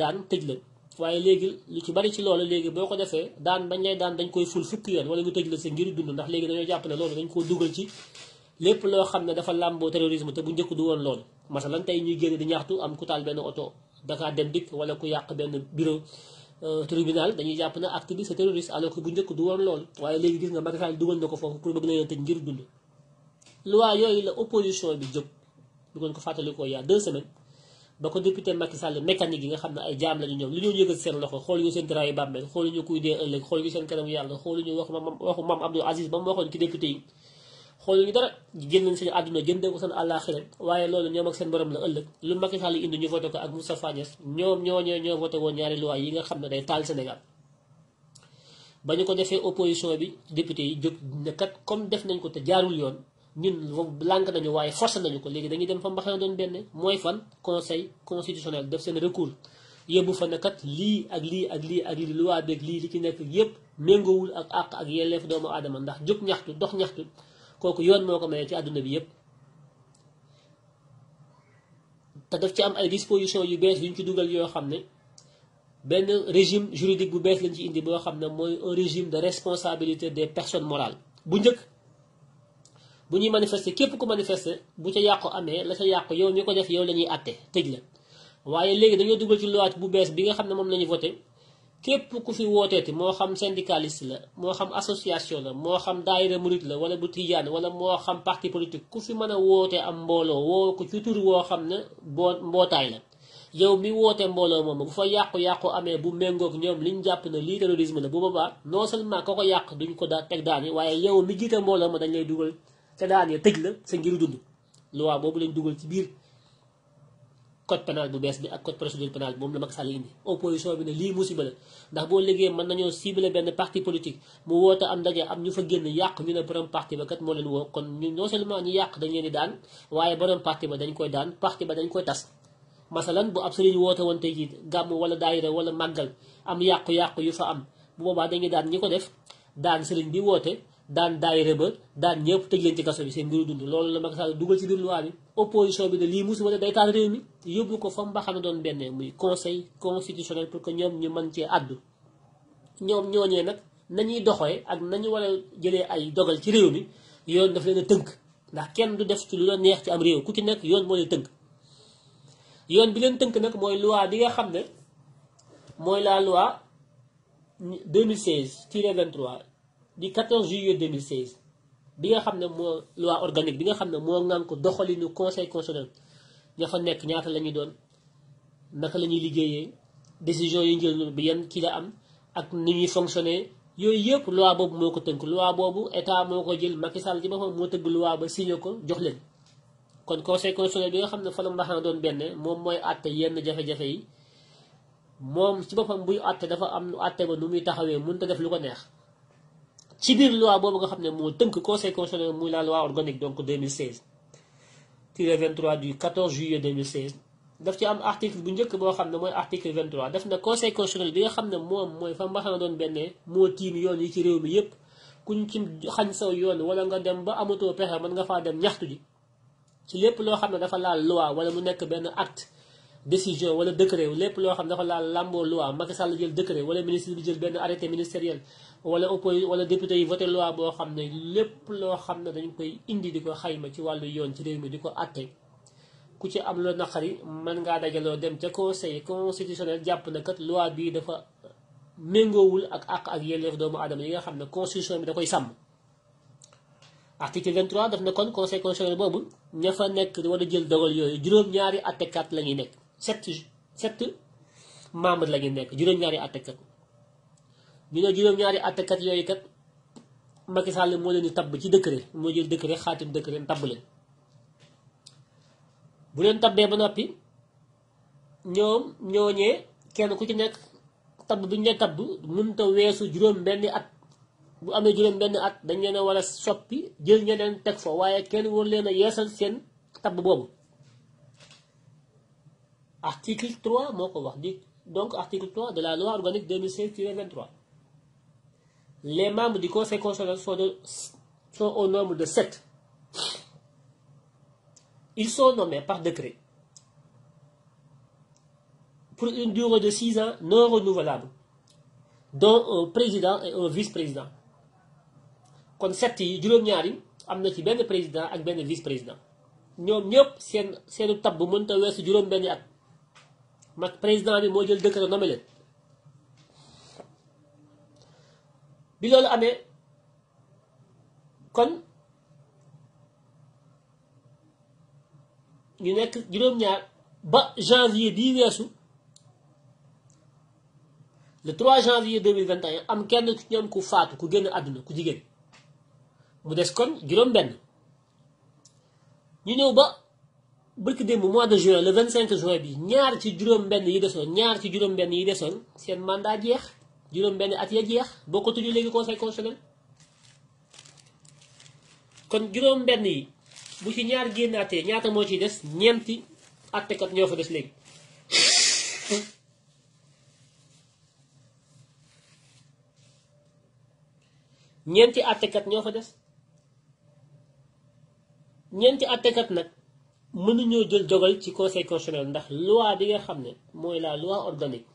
daan tëj la waaye léegi lu ci bari ci génn di ñaxtu am ku taal benn oto Dakar Dem Dikk wala ku yàq benn bureau euh, tribunal dañuy jàpp ne acte bi c'est terroriste bu njëkk du woon loolu waaye léegi gis nga Macky Sall dugal na ko foofu pour bëgg na leen tëj ngir dund loi yooyu la opposition bi jóg du ko fàttalikoo il deux semaines ba ko député Macky Sall yi nga xam ne ay jaam lañu ñoom lu ñu yëgal seen loxo xooluñu seen drap yi bàmmeel xooluñu kuy dee ëllëg xooluñu seen kanamu yàlla waxu mam waxu mam Abdou Aziz ba mu waxoon ci député yi xooluñu dara jënd nañ seen àdduna jëndee ko seen àllaaxira waaye loolu ñoom ak seen borom la ëllëg lu Macky Sall indi ñu voté ko ak Moustapha Niasse ñoom ñooñee ñoo voté woon ñaari loi yi nga xam ne day taal Sénégal ba ñu ko defee opposition bi député yi jóg ne kat comme def nañ ko te jaarul yoon ñun lànk nañu waaye forcé nañu ko léegi dañuy dem fa mbaxana doon benn mooy fan conseil constitutionnel def seen recours yóbbu fa ne kat lii ak lii ak lii ak lii lu waa beeg lii li ci nekk yépp méngoowul ak àq ak yelleef doomu aadama ndax jóg ñaxtu dox ñaxtu kooku yoon moo ko mayee ci àdduna bi yépp te daf ci am ay disposition yu bees yuñ ci dugal yoo xam ne benn régime juridique bu bees lañ ci indi boo xam ne mooy un régime de responsabilité des personnes morales bu njëkk bu ñuy manifester képp ku manifester bu ca yàqu amee la ca yàqu yow mi ko def yow la ñuy àtte tëj la waaye léegi dañoo dugal ci loi bu bees bi nga xam ne moom la ñu voté képp ku fi wooteeti moo xam syndicaliste la moo xam association la moo xam daayira murit la wala bu tijaan wala moo xam parti politique ku fi mën a woote am mbooloo woo ko ci tur woo xam ne boo mbootaay la yow mi woote mbooloo moom bu fa yàqu-yàqu amee bu méngoog ñoom liñ jàpp na lii terrorisme la bu boobaa non seulement ko ko yàq duñ ko daa teg daani waaye yow mi jiite mbooloo dañ lay dugal te daan ya tëj la sa ngir dund loi boobu lañ dugal ci biir code pénal bu bees bi ak code procédure pénale bi moom la Macky Sall indi opposition bi ne lii musiba la ndax boo liggéey mën nañoo cibler benn parti politique mu woote am ndaje am ñu fa génn yàq ñu ne borom parti ba kat moo leen woo kon ñu non seulement ñu yàq dañ leen daan waaye borom parti ba dañ koy daan parti ba dañ koy tas masalan bu ab sëriñ woote woon tey jii gàmm wala daayira wala màggal am yàqu-yàqu yu fa am bu boobaa dañuy daan ñi ko def daan sëriñ bi woote daan daayira ba daan ñëpp tëj leen ci kaso bi seen mbiru dund loolu la Macky Sall dugal ci biir loi bi opposition bi ne lii musiba day taal réew mi yóbbu ko fa mba xam ne doon benn muy conseil constitutionnel pour que ñoom ñu mën cee àddu ñoom ñooñee nag nañuy doxee ak nañu war a jëlee ay dogal ci réew mi yoon daf leen a tënk ndax kenn du def ci lu la neex ci am réew ku ci nekk yoon moo leen tënk yoon bi leen tënk nag mooy loi bi nga xam ne mooy la loi 2016 tiret di 14 juillet 2016 bi nga xam ne moo loi organique bi nga xam ne moo ngan ko doxalinu conseil constitutionnel ña fa nekk ñaata lañuy doon naka lañuy liggéeyee décision yu njël bi yan kii la am ak ni ñuy fonctionner yooyu yëpp loi boobu moo ko tënk loi boobu état moo ko jël Macky Sall ci boppam moo tëgg loi ba signé ko jox leen kon conseil constitutionnel bi nga xam ne fa la mbaxana doon benn moom mooy àtte yenn jafe-jafe yi moom ci boppam buy àtte dafa am àtte ba taxawee mënut def lu ko neex ci biir loi boobu nga xam ne moo tënk conseil constitutionnel muy la loi organique donc 2016 tiré 23 du 14 juillet 2016 daf ci am article bu njëkk boo xam ne mooy article 23 daf ne conseil constitutionnel bi nga xam ne moom mooy fa mbaxana doon benn moo tiim yoon yi ci réew mi yépp kuñ ci xañ saw yoon wala nga dem ba amatoo pexe mën nga faa dem ñaxtu ji ci lépp loo xam ne dafa laal loi wala mu nekk benn acte décision wala décret lépp loo xam ne dafa laal làmboo loi Macky Sall jël décret wala ministre bi jël benn arrêté ministériel wala opposé wala député yi voté loi boo xam ne lépp loo xam ne dañu koy indi di ko xayma ci wàllu yoon ci réew mi di ko àtte ku ci am loo naqari mën ngaa dajaloo dem ca conseil constitutionnel jàpp nakat kat bii dafa méngoowul ak àq ak yelleef doomu aadama yi nga xam ne constitution bi da koy sàmm article 23 daf ne kon conseil boobu ña fa nekk wala jël dogal yooyu juróom-ñaari àttekat la ñuy nekk sept set membres la ñu nekk juróom-ñaari àttekat ñu ne ñaari àttekat yooyu kat Macky moo leen di tabb ci décret moo jël décret xaatim décret tabb leen bu leen tabbee ba noppi ñoom ñooñee kenn ku ci nekk tabb bi ñu leen tabb mënut a weesu juróom-benni at bu amee juróom-benni at dañ leen a war a soppi jël ñeneen teg fa waaye kenn leen a yeesal seen tabb boobu. article 3 moko wax dit donc article 3 de la loi organique 2016-23 les membres du conseil constitutionnel sont, au nombre de 7 ils sont nommés par décret pour une durée de 6 ans non renouvelable dont un président et un vice-président kon 7 yi juróom amna ci benn président ak benn vice-président ñep sen seen tab tabb mënta wess juróom-benni at ma président bi moo jël décret nommé leen bi loolu amee kon ñu nekk juróom-ñaar ba janvier bii weesu le 3 janvier 2021 am kenn ci ñoom ku faatu ku génn àdduna ku jigéen mu des kon juróom-benn ñu ñëw ba bërki démb mois de juin la le 25 juin bi ñaar ci juróom-benn yi desoon ñaar ci juróom-benn yi desoon seen mandat jeex juróom-benn at ya jeex bokkatuñu léegi conseil constitutionnel kon juróom-benn yi bu ci ñaar génnaatee ñaata moo ciy des ñeenti attekat ñoo fa des léegi ñeenti attekat ñoo fa des ñeenti attekat nag. mënuñoo jël jogal ci conseil constitutionnel ndax loi bi nga xam la loi organique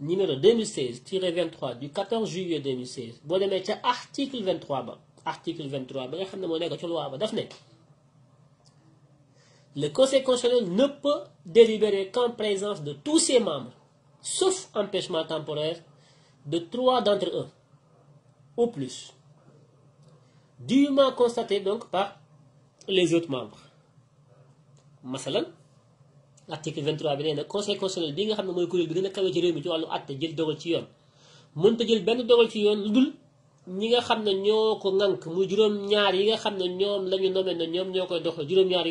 numéro 2016 23 du 14 juillet 2016 boo demee article 23 article 23 nga ci loi ba daf le conseil constitutionnel ne peut délibérer qu'en présence de tous ses membres sauf empêchement temporaire de trois d'entre eux ou plus dûment constaté donc par les autres membres masalan article 23 bi nee na conseil constitutionnel bi nga xam ne mooy kuréel bi gën a kawe ci réew mi ci wàllu àtte jël dogal ci yoon mënta jël benn dogal ci yoon lu dul ñi xam ne ñoo ko ŋànk muy juróom-ñaar yi nga xam ne ñoom la ñu nomee ne ñoom ñoo koy dox juróom-ñaar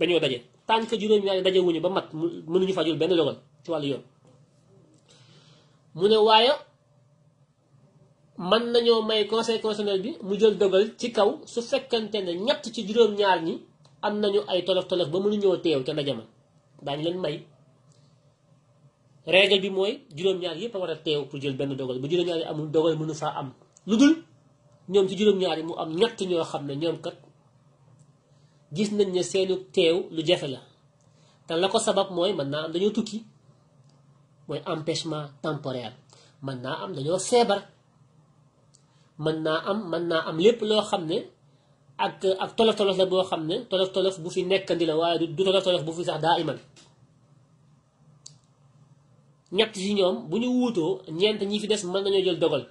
dañoo daje tant que juróom-ñaar yi daje wuñu ba mat mënuñu fa jël benn dogal ci wàllu yoon mu ne waaye mën nañoo may conseil constitutionnel bi mu jël dogal ci kaw su fekkante ne ñett ci juróom-ñaar ñi am nañu ay tolof-tolof ba ñëw teew ca ndaje ma daañu leen may règle bi mooy juróom-ñaar yëpp a war a teew pour jël benn dogal bu juróom-ñaar yi amul dogal mënu faa am lu dul ñoom ci juróom-ñaar yi mu am ñett ñoo xam ne ñoom kat gis nañ ne seenu teew lu jafe la te la ko sabab mooy mën naa am dañoo tukki mooy empêchement temporaire mën naa am dañoo feebar mën naa am mën naa am lépp loo xam ne ak ak tolof tolof la boo xam ne tolof tolof bu fi nekkandi la waaye du tolof tolof bu fi sax daa iman ñett ci ñoom bu ñu wuutoo ñeent ñi fi des mën nañoo jël dogal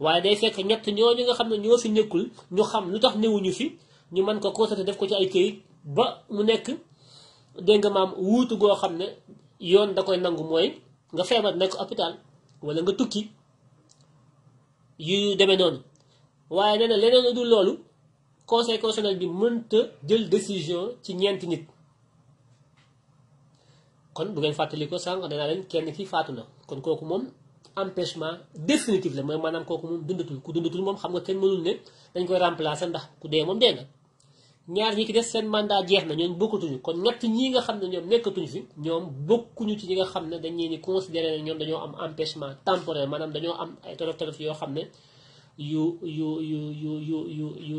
waaye day fekk ñett ñooñu nga xam ne ñoo fi nekkul ñu xam lu tax newuñu fi ñu mën ko constaté def ko ci ay këyit ba mu nekk dégg nga maam wuutu goo xam ne yoon da koy nangu mooy nga feebar nekk hôpital wala nga tukki yu demee noonu waaye nee na leneen du loolu. conseil constitutionnel bi mënta jël décision ci ñeenti nit kon bu ngeen fàttali ko sànq danaa leen kenn ki faatu na kon kooku moom empêchement définitif la mooy maanaam kooku moom dundatul ku dundatul moom xam nga kenn mënul ne dañ koy remplacer ndax ku dee moom dee na ñaar ñi ki des seen mandat jeex na ñoom bokkatuñu kon ñett ñi nga xam ne ñoom nekkatuñu fi ñoom bokkuñu ci ñi nga xam ne dañ leen di considérer ne ñoom dañoo am empêchement temporaire maanaam dañoo am ay tolof yoo xam ne yu yu yu yu yu yu yu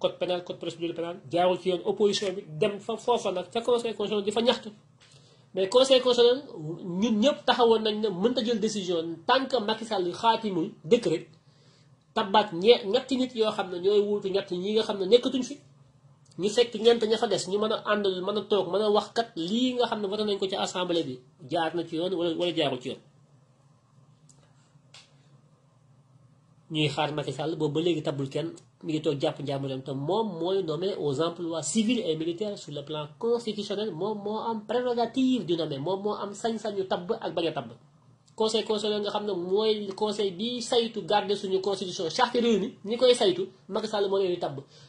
code pénal code procédure pénale jaarul ci yoon opposition bi dem fa fofa nak ca conseil constitutionnel di fa ñaxtu mais conseil constitutionnel ñun ñëpp taxawon nañ ne mënta jël décision tant que Macky Sall xaatimul décret tabat ñet nit yo xam ñoy ñooy wuutu ñett ñi nga xam nekkatuñ fi ñu fekk ñent ñafa dess ñu mëna andal mëna tok mëna wax kat li nga xamne ne nañ ko ci assemblée bi jaar na ci yoon wala wala jaarul ci yoon ñuy xaar Macky Sall bo ba léegi tabul kenn mi ngi toog jàpp njàmburam te moom mooy nommé aux emplois civils et militaires sur le plan constitutionnel moom moo am prérogative du nommé moom moo am sañ-sañu tabb ak bañ a tabb conseil constitutionnel nga xam ne mooy conseil bi saytu garder suñu constitution charte réew mi ñi koy saytu Macky Sall moo leen di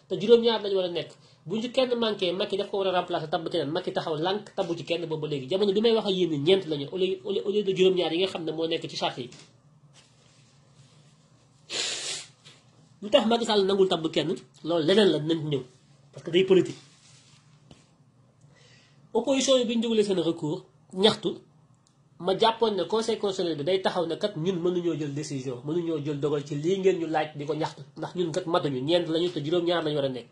te juróom-ñaar lañu war a nekk bu ci kenn manqué Macky daf ko war a remplacer tabb keneen Macky taxaw lànk tabb ci kenn boobu léegi jamono bi may nga xam ne moo nekk ci lu tax Macky Sall nangul tabb kenn loolu leneen la nañ ñëw parce que day politique opposition yi bi ñu dugalee seen recours ñaxtu ma jàppoon ne conseil constitutionnel bi day taxaw ne kat ñun mënuñoo jël décision mënuñoo jël dogal ci lii ngeen ñu laaj di ko ñaxtu ndax ñun kat matuñu ñeent lañu te juróom-ñaar lañu war a nekk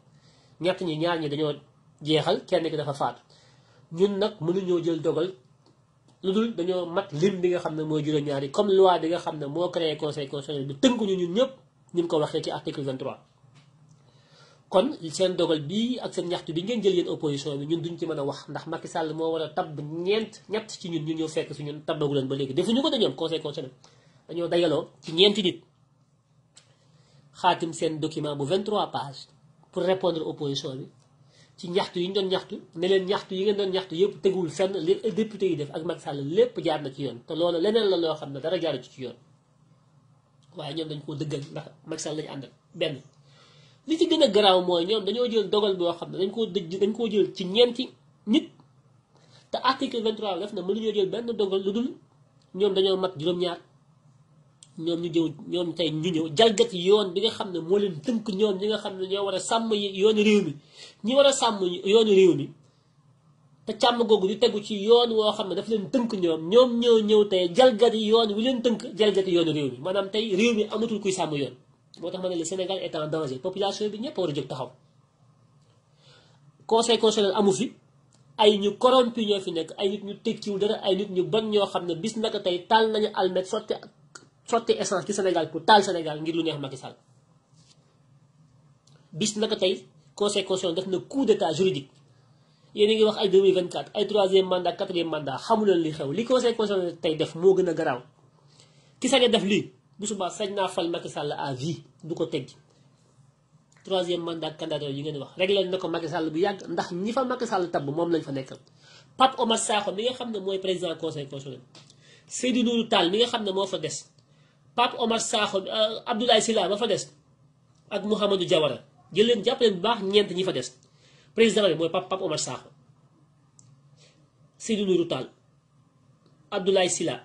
ñett ñi ñaar ñi dañoo jeexal kenn ki dafa faatu ñun nag mënuñoo jël dogal lu dul dañoo mat lim bi nga xam ne mooy juróom ñaari comme loi bi nga xam ne moo créé conseil constitutionnel bi tënkuñu ñun ñëpp. ni mu ko waxee ci article 23 kon seen dogal bii ak seen ñaxtu bi ngeen jël yéen opposition bi ñun duñ ci mën a wax ndax Macky Sall moo war a tabb ñeent ñett ci ñun ñu ñëw fekk si ñun tabbagu leen ba léegi defuñu ko dañoom conseil constitutionnel dañoo dajaloo ci ñeenti nit xaatim seen document bu 23 pages pour répondre opposition bi ci ñaxtu yi ñu doon ñaxtu ne leen ñaxtu yi ngeen doon ñaxtu yëpp teguwul fenn li député yi def ak Macky Sall lépp jaar na ci yoon te loolu leneen la loo xam ne dara jaaru ci ci yoon waaye ñoom dañ koo dëggal ndax Macky Sall lañu àndal benn li ci gën a garaaw mooy ñoom dañoo jël dogal boo xam ne dañ koo dëj dañ koo jël ci ñeenti nit te article 23 def na mënuñoo jël benn dogal lu dul ñoom dañoo mat juróom-ñaar ñoom ñu jëw ñoom tey ñu ñëw jalgati yoon bi nga xam ne moo leen tënk ñoom ñi nga xam ne ñoo war a sàmm yoon réew mi ñi war a sàmm yoon réew mi te càmm googu du tegu ci yoon woo xam ne daf leen tënk ñoom ñoom ñoo ñëw tey jalgati yoon wi leen tënk jalgati yoon réew mi maanaam tey réew mi amatul kuy sàmm yoon moo tax ma ne le Sénégal est en danger population bi ñëpp war a jóg taxaw conseil constitutionnel amu fi ay ñu corrompu ñoo fi nekk ay nit ñu tekkiw dara ay nit ñu ban ñoo xam ne bis naka tey taal nañu almet sotti sotti essence ci Sénégal pour taal Sénégal ngir lu neex Macky Sall bis naka tey conseil constitutionnel def na coup d'état juridique yéen a ngi wax ay 2024 ay troisième mandat quatrième mandat xamuleen li xew li conseil constitutionnel tey def moo gën a garaaw ki sañ def lii bu subaa sañ naa fal Macky sàll à vie du ko teg troisième mandat candidature yi ngeen wax réglé na ko Macky sàll bu yàgg ndax ñi fa Macky Sall tabb moom lañ fa nekkal Pape Omar Sakho mi nga xam ne mooy président conseil constitutionnel Seydou Nourou taal mi nga xam ne moo fa des Pape Omar Sakho euh, Abdoulaye Sylla ma fa des ak Mouhamadou Diawara jël leen jàpp leen bu ñi fa des. président bi mooy Pape Pape Omar Sakho Seydou Nourou Tall Abdoulaye Sylla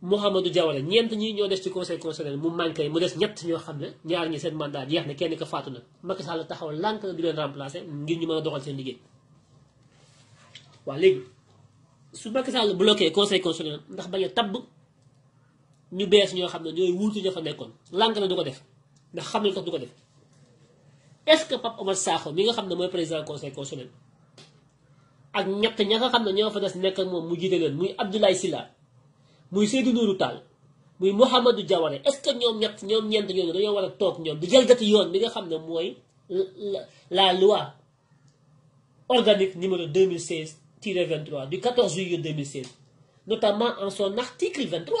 Mouhamadou Diawara ñeent ñi ñoo def ci conseil constitutionnel mu manqué mu des ñett ñoo xam ne ñaar ñi seen mandat jeex na kenn ko faatu na Macky Sall taxaw lànk na di leen ñu mën doxal seen liggéey waaw su Macky Sall bloqué conseil ndax bañ tabb ñu bees ñoo xam ne ñooy wuutu ña fa nekkoon lànk na du ko def ndax xam ne tax du ko def est-ce que Pape Omar Sakho mi nga xam ne mooy président conseil constitutionnel ak ñett ña nga xam na ñoo fa des nekk ak moom mu jiite leen muy Abdoulaye Sylla muy Seydou Nourou Tall muy Mouhamadou Diawara est-ce que ñoom ñett ñoom ñeent ñooñu dañoo war a toog ñoom di jalgati yoon bi nga xam ne mooy la loi organique numéro 2016 23 du 14 juillet 2016 notamment en son article 23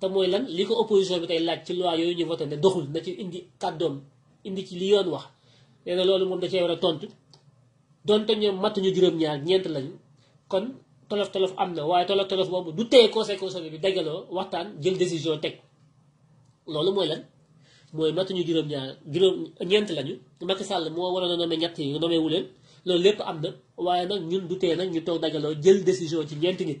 te mooy lan li ko opposition bi tey laaj ci loi yooyu ñu voté ne doxul na ci indi kàddoom indi ci li yoon wax nee loolu moom da cee war a tontu donte ñoom matuñu juróom ñeent lañu kon tolof tolof am na waaye tolof tolof boobu du teye conseil constitutionnel bi dajaloo waxtaan jël décision teg loolu mooy lan mooy matuñu juróom-ñaar juróom ñeent lañu Macky Sall moo waroon a nommé ñett yi nommé leen loolu lépp am na waaye nag ñun du teye nag ñu toog dajaloo jël décision ci ñeent nit.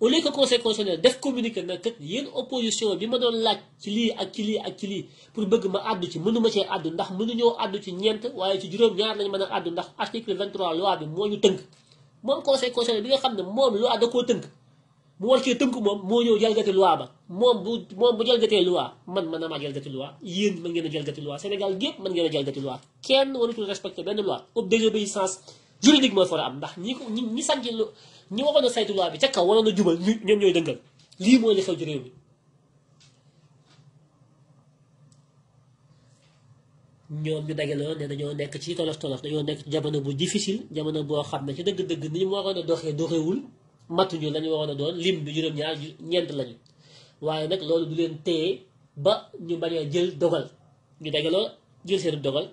au lieu que conseil constitutionnel def communiqué na kat yéen opposition bi ma doon laaj ci lii ak ci lii ak ci lii pour bëgg ma àddu ci mënuma cee àddu ndax mënuñoo àddu ci ñeent waaye ci juróom-ñaar lañ mën a àddu ndax article 23 loi bi moo ñu tënk moom conseil constitutionnel bi nga xam ne moom loi da koo tënk mu war cee tënk moom moo ñëw jalgati loi ba moom bu moom bu jalgatee loi man mën na maa jalgati loi yéen mën ngeen a jalgati loi Sénégal gépp mën ngeen a jalgati am ndax ñi waxoon a saytu loi bi ca kaw waroon a jubal ñoom ñooy dëngal lii mooy li xew ci réew mi ñoom ñu dajaloo ne nekk ci tolof tolof dañoo nekk ci jamono bu difficile jamono boo xam ne ci dëgg-dëgg ni ñu waroon a doxee doxewul matuñu lañu waroon a doon lim bi juróom-ñaar ñeent lañu nag loolu du leen téye ba ñu bañ a jël dogal ñu dajaloo jël seen dogal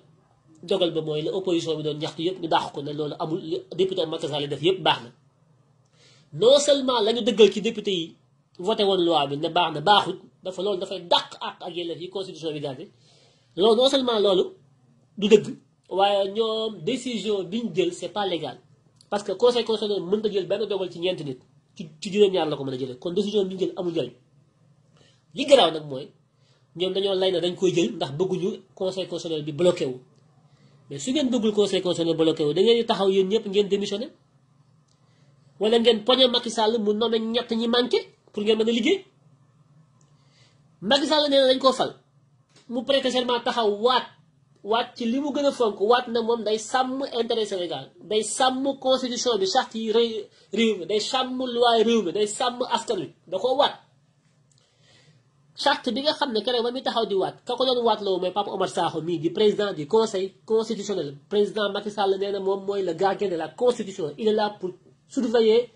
dogal ba mooy la opposition bi doon ñaxtu yëpp ñu dàq ko ne loolu amul député Macky Sall def yëpp baax na non seulement la ñu dëggal ci député yi voté woon loi bi ne baax na baaxut dafa loolu dafay dàq àq ak yelleef yi constitution bi daal loolu non seulement loolu du dëgg waaye ñoom décision bi ñu jël c'est pas légal parce que conseil constitutionnel mën ta jël benn dogal ci ñeenti nit ci ci juróom-ñaar la ko mën a jëlee kon décision bi ñu jël amul njëriñ li garaaw nag mooy ñoom dañoo lay na dañ koy jël ndax bëgguñu conseil constitutionnel bi bloqué wu mais su ngeen bëggul conseil taxaw yéen ñëpp ngeen démissionné. wala ngeen poñe Macky Sall mu nomé ñett ñi manké pour ngeen mëna liggé Macky Sall néna dañ ko fal mu précisément taxaw waat waat ci limu gëna fonk waat na mom day sam intérêt Sénégal day sam constitution bi charte yi réew mi day sam loi réew mi day sam askan wi da ko waat charte bi nga xamné ne keroog ba muy taxaw di waat ka doon waat loo mooy Papa Omar Sakho mi di président du conseil constitutionnel président Macky Sall néna mom moy le gardien de la constitution il est là pour surveiller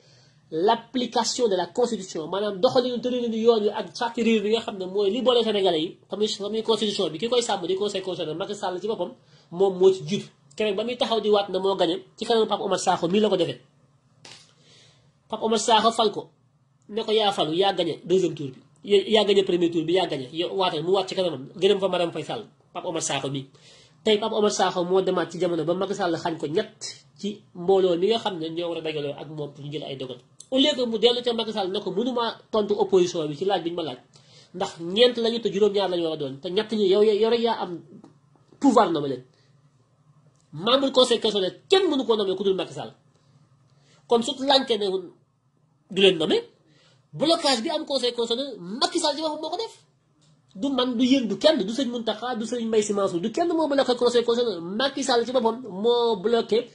l'application de la constitution maanaam doxalinu tëralinu yoon yu ak charte réew mi nga xam ne mooy li boole Sénégalais yi comme ni constitution bi ki koy sàmm di conseil constitutionnel Macky Sall ci boppam moom moo ci jiitu keneen ba muy taxaw di waat na moo gañe ci kanam Pape Omar Sakho mii la ko defee Pape Omar Sakho fal ko ne ko yaa falu yaa gañe deuxième tour bi yaa gañe premier tour bi yaa gañe yow waatee mu waat ci kanamam gërëm fa Marème Faye Sall Pape Omar Sakho mii tey Pape Omar Sakho moo demaat ci jamono ba Macky Sall xañ ko ñett ci mbooloo mi nga xam ne ñoo war a dajaloo ak moom pour ñu jël ay dogal au mu dellu ca Macky Sall ne ko bi ci laaj bi ndax ñeent lañu te juróom-ñaar lañu war doon te ñett ñi yow yow rek yaa am pouvoir nommé leen membre conseil constitutionnel kenn mënu koo nommé ku dul Macky Sall kon su lànkee ne du leen nommé blocage bi am conseil constitutionnel Macky Sall ci moo ko def du man du yeen du kenn du sëñ Muntaxa du sëñ Mbay Si du kenn mo bloqué conseil conseil Macky Sall ci boppam mo bloqué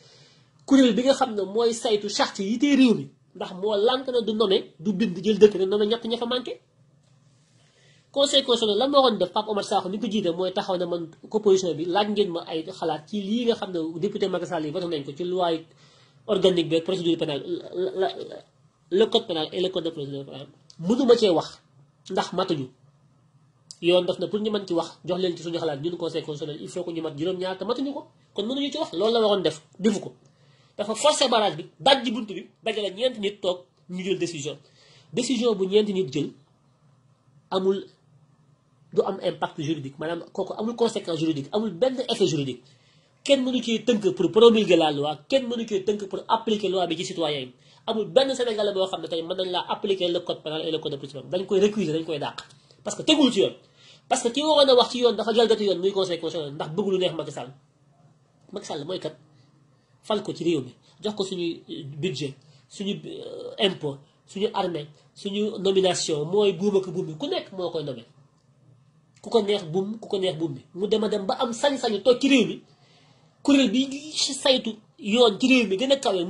kurel bi nga xamne moy saytu charte yi té réew bi ndax mo lank na du nomé du bind jël dëkk na ñett ña fa manqué conseil constitutionnel lan moo waxoon def Pape Omar Sakho ni ko jité moy taxaw na man opposition bi laj ngeen ma ay xalaat ci li nga xamne député Macky Sall yi voté nañ ko ci loi organique bi procédure pénale le code pénal et le code de procédure pénale mënu ma ci wax ndax matuñu yoon daf na pour ñu mën ci wax jox leen ci suñu xalaat ñun conseil constitutionnel il faut que ñu mat juróom-ñaar te matuñu ko kon mënuñu ci wax loolu la waroon def defu ko dafa forcer barrage bi dajji bunt bi dajale ñeenti nit toog ñu jël décision décision bu ñeenti nit jël amul du am impact juridique maanaam kooku amul conséquence juridique amul benn effet juridique kenn mënu cee tënk pour promulguer la loi kenn mënu cee tënk pour appliquer loi bi ci citoyen yi amul benn sénégalais boo xam ne tey mën nañ laa appliquer le code pénal et le code de procédure dañ koy récuser dañ koy dàq parce que tegul ci yoon parce que ki waroon a wax ci yoon dafa jalgati yoon muy conseil constitutionnel ndax bëgg neex Macky Sall mooy kat fal ko ci réew mi jox ko suñu euh, budget suñu euh, impôt suñu armée suñu nomination mooy buum ak buum ku nekk moo koy nommé ko neex buum ku ko neex buum bi mu dem a dem ba am sañ-sañu toog ci réew mi kuréel a kawe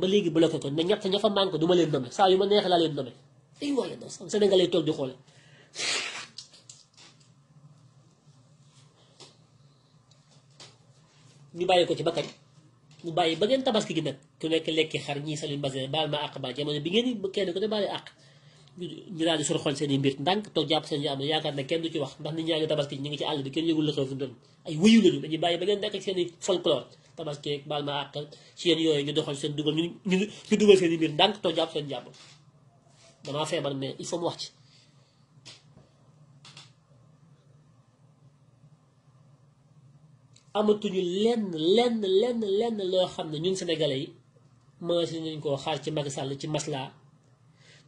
muy léegi bloqué ko ne ñett ña fa manqué du ma leen nommé saa yu ma neexee laa leen nommé. tey wala doo sax Sénégal lay toog di xoole ñu bàyyi ko ci ba kañ mu bàyyi ba ngeen tabaski gi nag ku nekk lekki xar ñii salin basé baal ma àq ba jamono bi ngeen ni kenn ko ne baale àq ñu daal di sur xool seen mbir ndànk toog jàpp seen ne kenn du ci wax ndax nit ñaa ngi ñu ngi ci àll bi kenn yëgul la xew fi mu doon ay wuyu lañu dañuy bàyyi ba ngeen nekk ak seen i folklore tabaski baal ma àq ci yéen yooyu jàpp damaa feebar mais il faut mu wax ci amatuñu lenn lenn lenn loo xam ne ñun sénégalais yi mënasi nañ koo xaar ci Macky Sall ci masla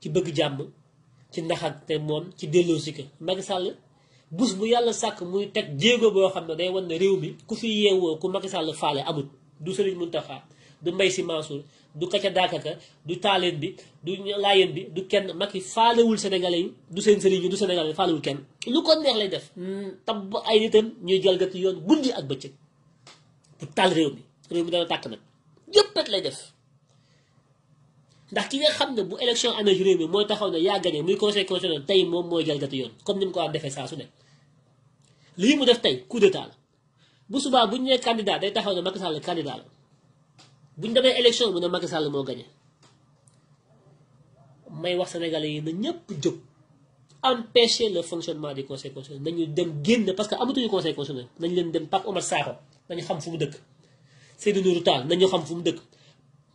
ci bëgg jàmm ci te moom ci delloo si ko Macky Sall bus bu yàlla sàkk muy teg jéego boo xam ne day wan ne réew mi ku fi yeewoo ku Macky Sall faale amut du Serigne Mountakha du Mbaye Sy Mansour du kaca daakaka du taaleen bi du laayeen bi du kenn Macky faalewul sénégalais yi du seen sëriñ yi du sénégalais faalewul kenn lu ko neex lay def tabb ay nitam ñuy jalgati yoon guddi ak bëccëg pour taal réew mi réew mi dana tàkk nag yëpp lay def ndax ki nga xam ne bu élection amee ci réew mi mooy taxaw ne yaa gagné muy conseil constitutionnel tey moom mooy jalgati yoon comme ni mu ko war defee saa su ne lii mu def tey coup d'état la bu subaa bu ñu nee candidat day taxaw ne Macky Sall candidat bu ñu élection mu ne Macky Sall mo gagné may wax sénégalais yi na ñëpp jóg empêcher le fonctionnement du conseil constitutionnel nañu dem génn parce que amatuñu conseil constitutionnel nañu leen dem Pape Omar Sarr nañu xam fu mu dëkk Seydou Nourou Tall nañu xam fu mu dëkk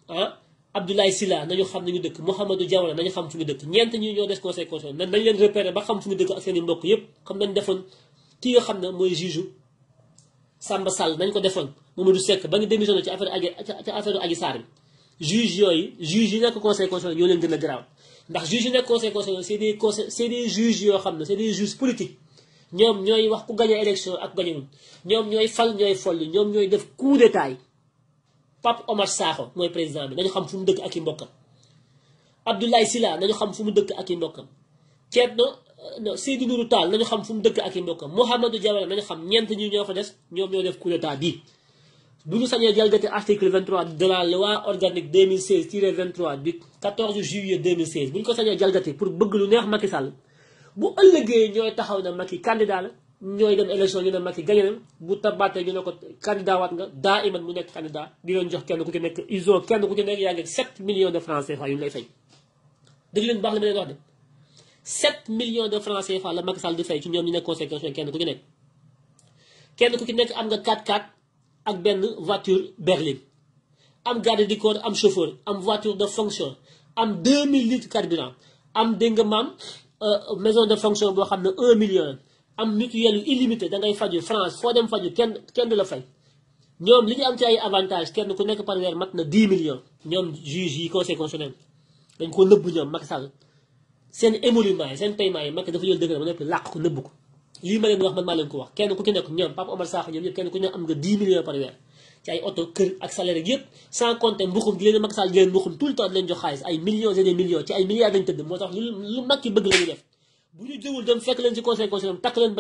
hein Abdoulaye Sylla nañu xam nañu dëkk Mouhamadou Diawara nañu xam fu mu dëkk ñent ñu ñoo des conseil constitutionnel nañ leen repérer ba xam fu mu dëkk ak seen i mbokk yépp xam nañ defoon ki nga xam ne mooy juge Samba Sall nañ ko defoon Mamadou Seck ba ngi démissionné ci affaire aji ci affaire aji saar bi juge yooyu juge yi nekk conseil constitutionnel ñoo leen gën a garaaw ndax juge yi nekk conseil constitutionnel c'est des conseil c'est des juges yoo xam ne c'est des juges politiques ñoom ñooy wax ku gagné élection ak ku gagné wul ñoom ñooy fal ñooy folli ñoom ñooy def coup d'état pap Omar Sakho mooy président bi nañu xam fu mu dëkk ak i mbokkam Abdoulaye Sylla nañu xam fu mu dëkk ak i mbokkam Seydou Nourou Tall nañu xam fu mu dëkk ak i mbokkam Mouhamadou Diawara nañu xam ñeent ñi ñoo fa des ñoom ñoo def coup d'état bi bu ñu sañee jalgati article 23 de la loi organique 2016 tiré 23 du 14 juillet 2016 bu ñu ko sañee jalgati pour bëgg lu neex Macky Sall bu ëllëgee ñooy taxaw na Macky candidat la ñooy dem élection ñu ne Macky gagné bu tabaatee ñu ne ko candidat waat nga daa iman mu nekk candidat di leen jox kenn ku ci nekk ils ku nekk yaa ngi 7 7 millions de francs CFA le Macky Sall di fay ci ñoom ñu conséquence kenn ku ci nekk kenn ku ci nekk am nga 4x4 avec une voiture berline am garde du corps am chauffeur am voiture de fonction am 2000 litres carburant am dégg nga euh, maison de fonction bo xam 1 million am mutuelle illimité da ngay fadjou France fo dem une kenn kenn du la fay Ñom li ñu am ci ay avantage kenn ku nekk par 10 millions Ñom juge yi juge constitutionnel dañ ko a ñom Macky Sall seen émoluments yi seen paiement yi Macky dafa jël décret ba noppi làq ko nëbb ko lii ma leen wax man maa leen ko wax kenn ku ci nekk ñoom Pape Omar Sakho ñoom kenn ku ñoom am nga 10 millions par weer ci ay oto kër ak salaire yëpp sans compter mbuxum di leen Macky Sall di leen mbuxum tout le temps leen jox xaalis ay millions et des ci ay milliards lañ tëdd moo tax lu lu Macky bëgg la def bu ñu jëwul dem fekk leen ci conseil conseil takk leen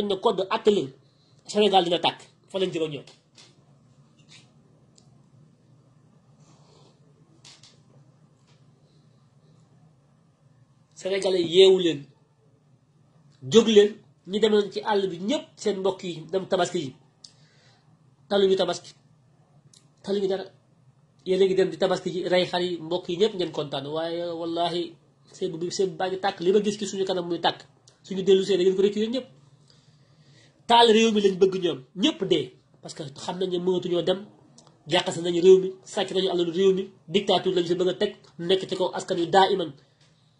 sénégalais yewu len jóg len ñi demoon ci all bi ñepp seen mbokk yi dem tabaski yi ñu tabaski ñu dara yéen a ngi dem di tabaski ji ray xar mbokk yi ñepp ñen contane waye wallahi seen bu seen baagi tak li ma gis ci suñu kanam muy tak suñu delu seen ngeen ko rek yeen ñepp tal rew mi lañ bëgg ñoom ñepp dé parce que xam nañ ne ñoo dem jàqase nañu rew mi sacc nañu alalu rew mi dictature lañu ci bëgg tek nekk ci ko askan yu daiman iman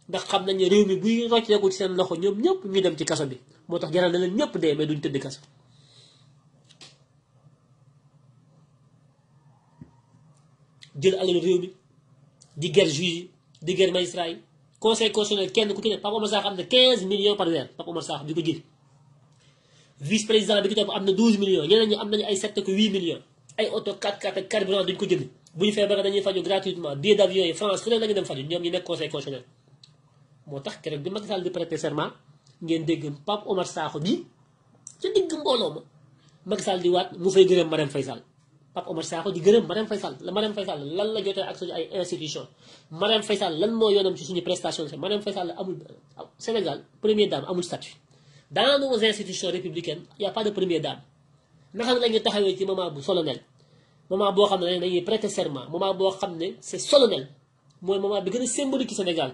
ndax xam nañ ne réew mi buy rocceeku ci seen loxo ñoom ñëpp ñu dem ci kaso bi moo tax jaral na leen ñëpp dee mais duñ tëdd kaso jël alal réew mi di ger juge di ger magistrat yi conseil constitutionnel kenn ku ci ne papa Omar Sarr am na 15 millions par weer papa Omar Sarr di ko jël vice président bi ko topp am na 12 millions ñeneen ñi am nañu ay 7 ak 8 millions ay auto 4x4 ak carburant duñ ko jënd bu ñu feebaree dañuy faju gratuitement billet d'avion yi France fu ne la ñu dem faju ñoom ñu nekk conseil constitutionnel moo tax keroog bi Macky Sall di prêter serment ngeen dégg Pape Omar Sakho bi ci digg mbolo ma Macky Sall di wat mu fay gërëm Marème Faye Pape Omar Sakho di gërëm Marème Faye la Marème Faye lan la jotté ak suñu ay institution mariam faisal lan mo yonam ci suñu prestation sa Marème Faye amul ah, Sénégal première dame amul statut dans nos institutions républicaines il y a pas de première dame naka la ñuy taxawee ci moment bu solennel moment bo xamné dañuy prêter serment moment boo xam ne c'est solennel moy maman bi gëna symbolique Sénégal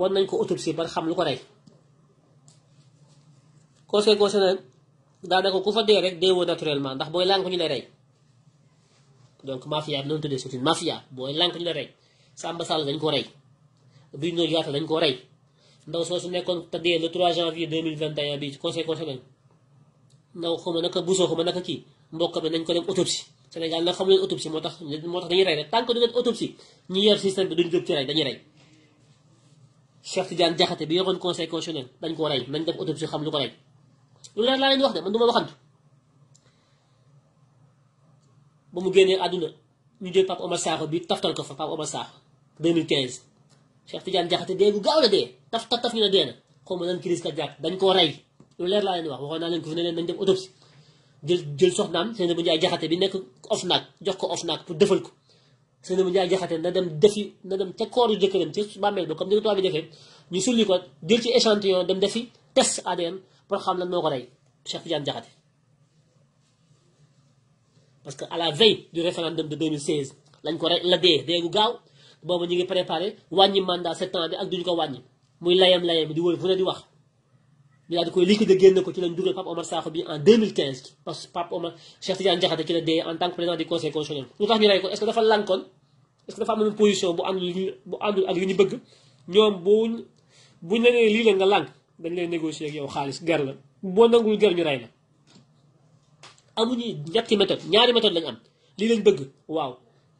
war nañ ko autopsie ba xam lu ko rey conseil constitutionnel daanaka ku fa dee rek deewoo naturellement ndax booy lànk ñu lay rey donc mafia bi noonu tuddee c'est une booy lànk ñu lay rey Samba Sall dañ ko rey Bruno Diatta dañ ko rey ndaw soosu nekkoon te dee le 3 janvier 2021 bi conseil constitutionnel ndaw xawma naka busoo xawma bi nañ ko dem autopsie Sénégal nag xamu leen autopsie moo tax moo tax dañuy rey rek tant que du leen autopsie ñi yor système bi duñ jóg ci rey dañuy rey Cheikh Tidiane Diakhaté bi yoroon conseil constitutionnel dañ ko rey nañ def autopsie xam lu ko rey lu leer laa leen wax de man du ma ba mu génnee àdduna ñu jël Pape Omar Sakho bi taftal ko fa Pape Omar Sakho 2015 Cheikh Tidiane Diakhaté dee gu gaaw la dee taf taf taf ñu ne dee waxoon naa leen ko fi ne leen nañ def autopsie jël jël soxnaam seen bu Njaay Jaxate bi nekk OFNAC jox ko OFNAC pour defal ko sëñ bi jaay jaxate na dem defi na dem ca kooru jëkkëram ci bàmmeel ba comme ni ko tubaab bi defee ñu sulli ko jël ci échantillon dem defi test ADN pour xam lan moo ko rey Cheikh Tidiane Jaxate parce que à la veille du référendum de 2016 lañ ko rey la dee dee gu gaaw boobu ñu ngi préparé wàññi mandat sept ans bi ak duñu ko wàññi muy layam layam di wër fu ne di wax ñu daal di koy liquide génne ko ci lañ dugal Pape Omar Sakho bi en 2015 parce que Pape Omar Cheikh Tidiane Diakhaté ci bu àndul ak li ñu bëgg ñoom buñ buñ la nee lii la nga lànk dañ lay négocier ak yow xaalis ger la boo nangul ger ñu rey la amuñu ñetti méthode ñaari méthode lañ am lii lañ bëgg waaw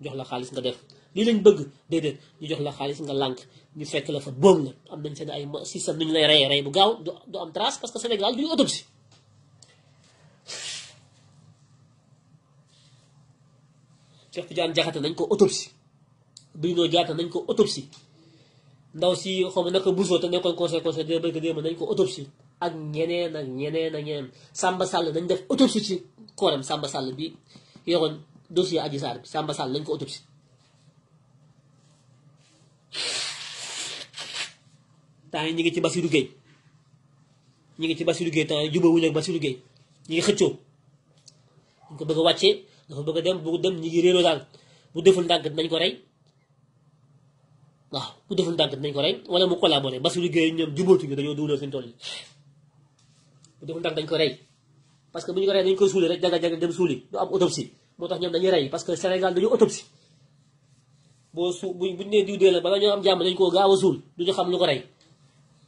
jox la xaalis nga def lii lañ bëgg déedéet ñu jox la xaalis nga lànk ñu fekk la fa boom la am nañ seen ay système nu ñu lay rey rey bu gaaw du am trace parce que Sénégal du ñu autopsie Cheikh Tidiane Diakhaté ko autopsie buy noo jaata nañ ko autopsie ndaw si xaw ma naka Bousso te nekkoon conseil conseil de bëgg démb nañ ko autopsie ak ñeneen ak ñeneen ak ñeneen Samba Sall nañ def autopsie ci kooram Samba Sall bi yoroon dossier Adji bi Samba Sall nañ ko autopsie tay ñi ngi ci Bassirou Gueye ñi ngi ci Bassirou Gueye tay yi wuñu ak Bassirou Gueye ñi ngi xëccu ñu ko bëgg a dafa bëgg dem bu dem ñi ngi réeroo dal bu deful dag nañ ko ray waaw bu deful dag nañ ko ray wala mu collaborer collaboré Bassirou ñom ñoom ñu dañu dugaloo seen tolli bu deful dag dañ ko ray parce que buñu ko ray dañ ko suuli rek jaga jaga dem suuli du am autopsie motax ñom ñoom dañuy rey parce que Sénégal dañu autopsie bo su buñ buñ nee diw dee la bala ñoo am jamm dañ ko gaaw suul duñu xam lu ko ray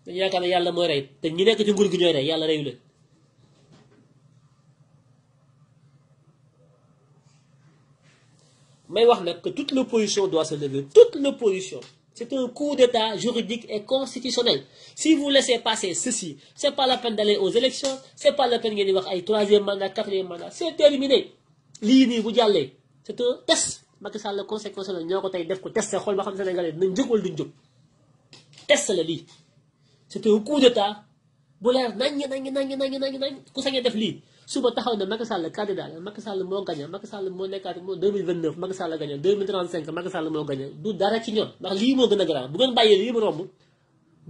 dañu yaakaar ne yàlla mooy rey te ñi nekk ci nguur gi ñooy rey yàlla reyu leen may wax nag que toute l'opposition doit se lever toute l'opposition c'est un coup d'état juridique et constitutionnel si vous laissez passer ceci c'est pas la peine d'aller aux élections c'est pas la peine ngeen di wax ay troisième mandat quatrième mandat c'est terminé lii nii bu jàllee c'est un test Macky Sall la conséquence la ñoo ko tey def ko test xool ba xam Sénégalais dinañ jóg wala duñ jóg test la lii c'était un coup d'état bu leer naññ naññ naññ naññ ku sañee def lii suba taxaw ne Macky Sall candidat la Macky Sall moo gagné Macky Sall moo nekkaat moo 2029 Macky Sall gagné 2035 Macky Sall moo gagné du dara ci ñoom ndax lii moo gën a garaaw bu ngeen bàyyee lii mu romb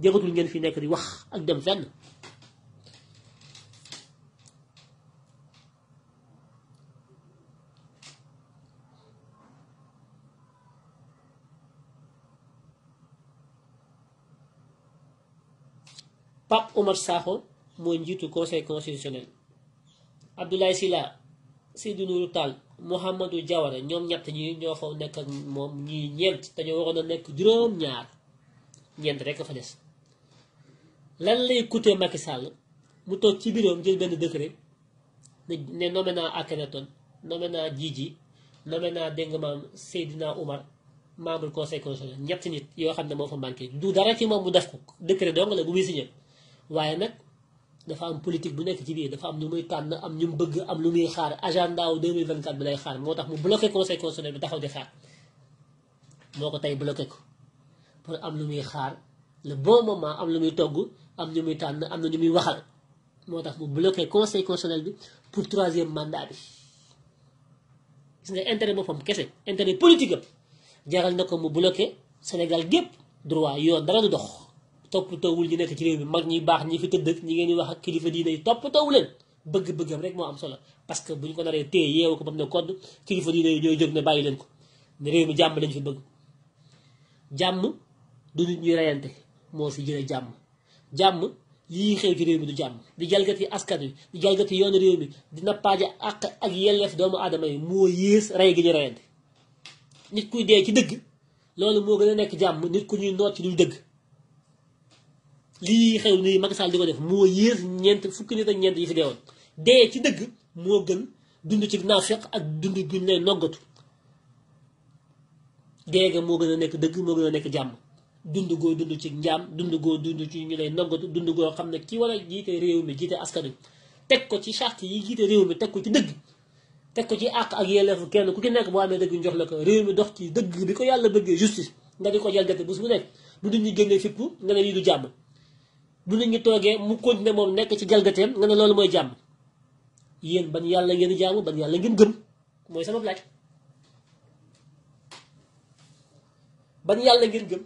jëgatul ngeen fi nekk di wax ak dem fenn Pape Omar Sakho mooy njiitu conseil constitutionnel Abdoulaye Sylla Seydou Nourou Tall Mouhamadou Diawara ñoom ñett ñi ñoo fa nekk moom ñii ñeent te nekk juróom-ñaar rek fa des lan lay coûter Macky sàll mu toog ci biroom jël benn décret ne nommé naa Akhenaton nommé naa Djidji nommé naa dégg maam Seydina Omar membre conseil constitutionnel ñett nit yoo xam ne moo fa manqué du dara ci moom mu def ko décret dong la bu muy signé waaye nag dafa am politique bu nekk ci biir dafa am ñu muy tànn am ñu mu bëgg am lu muy xaar agenda wu 2024 bi lay xaar moo tax mu bloqué conseil constitutionnel bi taxaw di xaar moo ko tey bloqué ko pour am lu muy xaar le bon moment am lu muy togg am ñu muy tànn am na ñu muy waxal moo tax mu bloqué conseil constitutionnel bi pour troisième mandat bi gis nga intérêt boppam kese intérêt politique am jaral ne ko mu bloqué Sénégal gépp droit yoon dara du dox toppatoowul ñi nekk ci réew mi mag ñi baax ñi fi tëdd ak ñi ngeen di wax ak kilifa diine yi toppatoowu leen bëgg-bëggam rek moo am solo parce que bu ñu ko naree téye yeewu ko ba mu ne kodd kilifa diine yi ñooy jóg ne bàyyi leen ko ne réew mi jàmm lañ fi bëgg jàmm du nit ñuy reyante moo fi jëlee jàmm jàmm lii xew ci réew mi du jàmm di jalgati askan wi di jalgati yoonu réew mi di nappaaje ak yelleef doomu aadama yi moo yées rey gi ñu reyante nit kuy dee ci dëgg loolu moo gën a nekk jàmm nit ku ñuy noot ci luy dëgg lii xew nii Macky Sall di ko def moo yées ñeent fukki nit a ñeent yi fi woon dee ci dëgg moo gën dund ci naafeq ak dund guñ lay noggatu dee ga moo gën a nekk dëgg moo gën a nekk jàmm dund goo dund ci njaam dund goo dund ci ñu lay noggatu dund goo xam ne ki war a jiite réew mi jiite askan wi teg ko ci charte yi jiite réew mi teg ko ci dëgg teg ko ci àq ak yelleefu kenn ku ci nekk boo amee dëgg ñu la ko réew mi dox ci dëgg bi ko yàlla bëggee justice nga di ko jalgate bés bu nekk bu nit ñi génnee fippu nga ne lii du jàmm du nit ñi toogee mu continuer moom nekk ci jalgateem nga ne loolu mooy jàmm yéen ban yàlla ngeen jaamu ban yàlla ngeen gëm mooy sama laaj ban yàlla ngeen gëm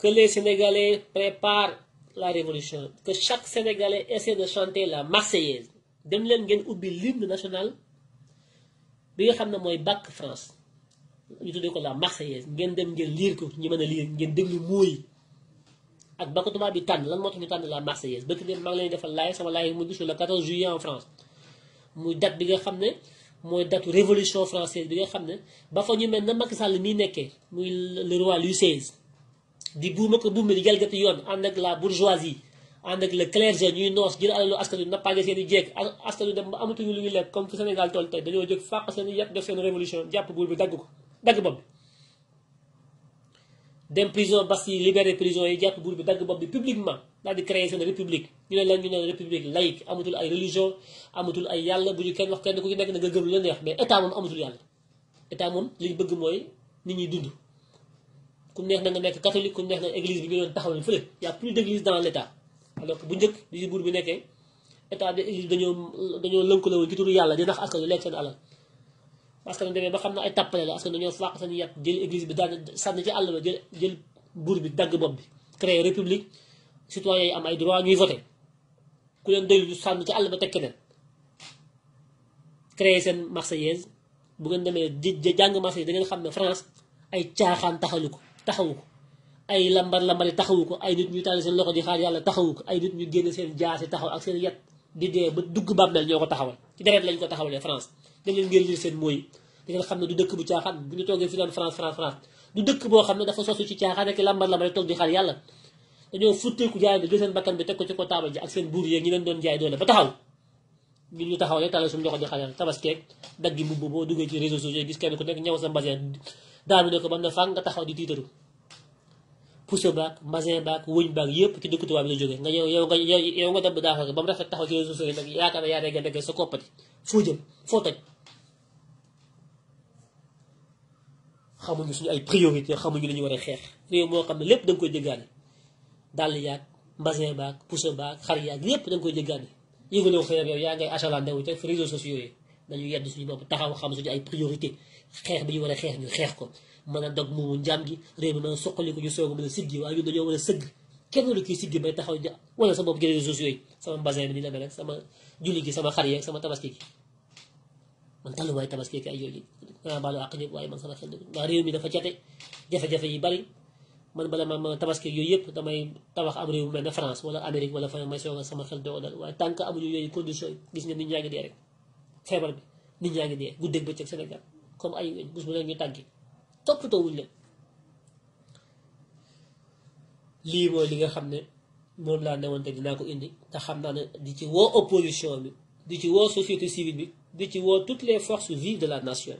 que les Sénégalais préparent la révolution que chaque Sénégalais essaie de chanter la Marseillaise dem leen ngeen ubbi l'hymne national bi nga xam ne mooy France ñu tuddee ko la Marseillaise ngeen dem ngeen lire ko ñi mën lire. liir ngeen déglu mooy ak ba ko bi tan. lan motu tax ñu tànn la Marseillaise bëgg dem maa ngi leen defal laay sama laay mu mujj sur le 14 juillet en France muy date bi nga xam ne date révolution française bi nga xam ne ba fa ñu mel na Macky Sall mii le roi Louis XVI. di buuma ko buumbi di jalgati yoon ànd ak la bourgeoisie ànd ak le clergé ñuy noos jël alalu askan wi nappaage seen i jeeg askan wi dem ba amatuñu lu Sénégal toll tey dañoo jóg fàq seen i yàpp def seen révolution jàpp buur bi dagg bopp dem prison bas yi libéré prison yi jàpp buur bi dagg bopp bi publiquement daal di créer seen république ñu ne lan ñu ne république laïque amatul ay religion amatul ay yàlla bu ñu kenn wax kenn ku ci nekk na nga gëm lu la neex mais état moom amatul yàlla ñu ku neex na nga nekk catholique ku neex na église bi ñu doon taxawal fële y' plus d' église dans bu njëkk bi buur bi nekkee état de église dañoo dañoo lëkkaloo woon ci turu yàlla di nax askan wi lekk seen alal parce que ba xam ne ay tàppale la parce que dañoo fàq seen yat jël église bi daan sànni ci àll ba jël jël buur bi dagg bopp bi créer république citoyens yi am ay droit ñuy voté ku leen déglu sànni ci àll bi teg keneen créer seen marseillaise bu ngeen demee di jàng marseillaise da ngeen xam ne France ay caaxaan taxalu ko. taxawu ko ay lambar-lambari taxawu ko ay nit ñu tàlli seen loxo di xaar yàlla taxawu ko ay nit ñu génn seen jaasi taxaw ak seen yet di dee ba dugg bàmmeel ñoo ko taxawal ci deret lañ ko taxawalee France dañ leen ngeen lii seen mooy di ngeen xam ne du dëkk bu caaxaan bu ñu toogee fi naan France France France du dëkk boo xam ne dafa sosu ci caaxaan rek lambar-lambari toog di xaar yàlla dañoo futteeku jaay ne jël seen bakkan bi teg ko ci ko taabal ji ak seen bour yeeg ñi leen doon jaay doole ba taxaw ñun ñu taxaw rek tàllal suñu loxo di xaar yàlla tabaskeeg daggi mbubb boo duggee ci réseaux sociaux gis kenn ku nekk ñëw sa mbasin daanu ne ko ba na fang nga taxaw di tiitaru pousse baak mbasin baak wëñ baak yëpp ci dëkk tubaab bi la jógee nga yow yow nga yow nga dem ba ba mu rafet taxaw ci réseaux sociaux yi nag foo foo toj xamuñu suñu ay priorité xamuñu li ñu war a xeex moo xam ne lépp da nga koy jéggaane dàll yaag mbasin baak pousse baak xar yaag lépp koy jéggaane yëguloo xëy yow yaa ngay achalandé wu dañu yedd suñu bopp taxaw xam suñu ay priorité xeex bi ñu war a xeex ñu xeex ko mën a dog moomu njaam gi réew mi mën a soqali ko ñu soog a mën a waaye ñun dañoo war a sëgg kenn lu kiy siggi bay taxaw wala sa bopp gi réseaux sociaux yi sama mbasin bi ni la mel rek sama julli gi sama xar yeeg sama tabaski man talu waaye tabaski gi ay waaye man sama xel ndax réew mi dafa cate jafe-jafe yi bari man bala ma ma tabaski yooyu yëpp damay tabax am réew mu mel ne France wala Amérique wala fan may soog a sama xel doo dal waaye tant que amuñu yooyu condition yi gis nga nit ñaa ngi dee rek feebar bi nit ñaa ngi dee guddeeg bëccëg Sénégal comme ay weñ bés bu tout wuñ leen lii mooy li nga xam ne moom laa newoon te dinaa ko indi te xam naa ne di ci woo opposition di ci woo société civile di ci woo toutes les forces vives de la nation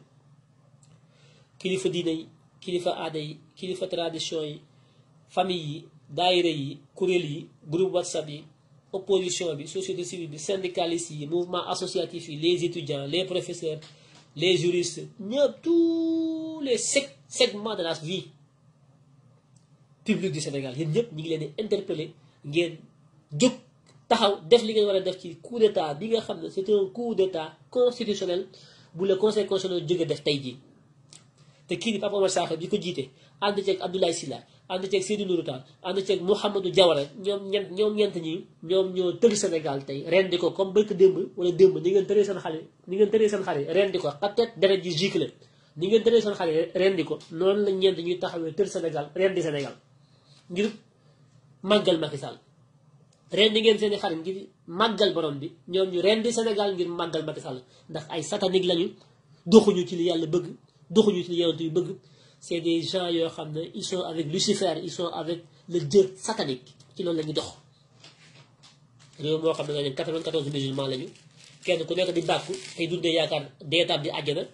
kilifa diine yi kilifa aada yi kilifa tradition yi famille yi daayira yi kuréel yi groupe whatsapp yi opposition bi société civile bi syndicalistes yi mouvement associatif les étudiants les professeurs les juristes ñëpp tout tous les segments de la vie publique du Sénégal yéen ñëpp ñu ngi leen di interpeller ngeen jóg taxaw def li ngeen war a def ci coup d'état bi nga xam ne c'est un coup d'état constitutionnel bu le conseil constitutionnel jóge def tey jii te kii di Pape Omar Sakho bi ko jiite ànd ceeg Abdoulaye Sylla ànd ceeg Seydou Nourou Tall ànd ceeg Mouhamadou Diawara ñoom ñent ñoom ñi ñoom ñoo tëri Sénégal tey rendi ko comme bëkk démb wala démb ni ngeen tëree seen xale ni ngeen tëree seen xale rendi ko xatteet deret ji gicle ni ngeen tëree seen xale rendi ko noonu la ñeent ñuy taxawé tër Sénégal rendi Sénégal ngir magal Macky Sall rendi ngeen seen i ngir magal borom bi ñoom ñu rendi Sénégal ngir magal Macky ndax ay satanique lañu doxuñu ci li yàlla bëgg doxuñu ci li yonent bëgg c'est des gens yo xam ils sont avec Lucifer ils sont avec le dieu satanique ci loolu lañu dox réew moo xam nga ne 94 musulmans lañu kenn ku nekk di bakku tay dundé yaakaar dee taab di àjjana.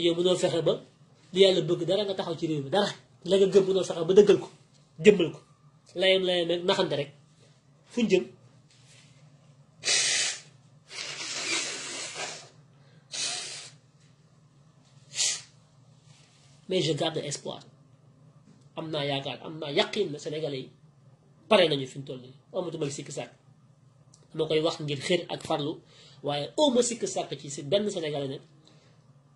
te yow mënoo fexe ba li yàlla bëgg dara nga taxaw ci réew mi dara la nga gëm mënoo fexe ba dëggal ko jëmmal ko layam layam rek naxante rek fuñ jëm mais je garde espoir am naa yaakaar am naa yaqin na yi pare nañu fi mu toll nii sikk sàkk dama koy wax ngir xër ak farlu waaye aw ma sikk sàkk ci si benn Sénégalais nag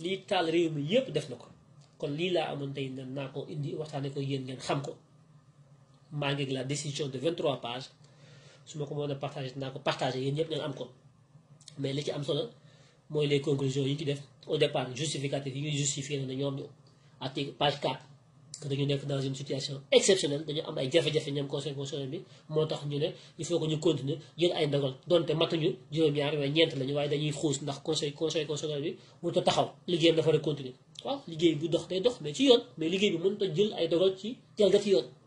lii taal réew mi yépp def na ko kon lii laa amoon tey ne naa ko indi waxtaane ko yéen ngeen xam ko maa ngi la décision de 23 pages su ma ko mën a partagé naa ko partagé yéen ñëpp ngeen am ko mais li ci am solo mooy les conclusions yi ci def au départ justificatif yi ñuy justifié na ñoom article page 4 te dañu nekk dans une situation exceptionnelle dañu am ay jafe-jafe ñoom conseil constitutionnel bi moo tax ñu ne il faut que ñu continuer jël ay ndogal donte matuñu juróom-ñaar waaye ñeent lañu waaye dañuy xuus ndax conseil conseil constitutionnel bi mënut a taxaw liggéeyam dafa rek continuer waaw liggéey bu dox day dox mais ci yoon mais liggéey bi mënut a jël ay dogal ci jalgati yoon